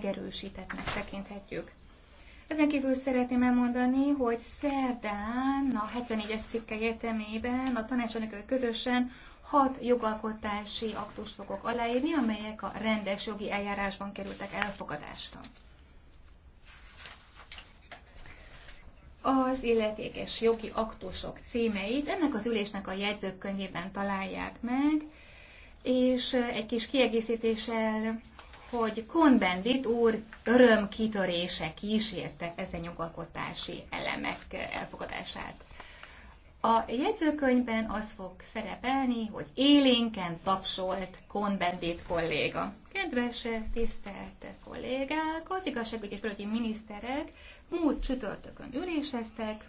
megerősítettnek tekinthetjük. Ezen kívül szeretném elmondani, hogy szerdán a 74-es szikke értelmében a tanácsadókkal közösen hat jogalkotási aktust fogok aláírni, amelyek a rendes jogi eljárásban kerültek elfogadásra. Az illetékes jogi aktusok címeit ennek az ülésnek a jegyzőkönyvében találják meg, és egy kis kiegészítéssel hogy Kohn-Bendit úr örömkitörése kísérte ezen nyugalkotási elemek elfogadását. A jegyzőkönyvben az fog szerepelni, hogy élénken tapsolt Kohn-Bendit kolléga. Kedves, tisztelt kollégák, az igazságügyi és miniszterek múlt csütörtökön üléseztek,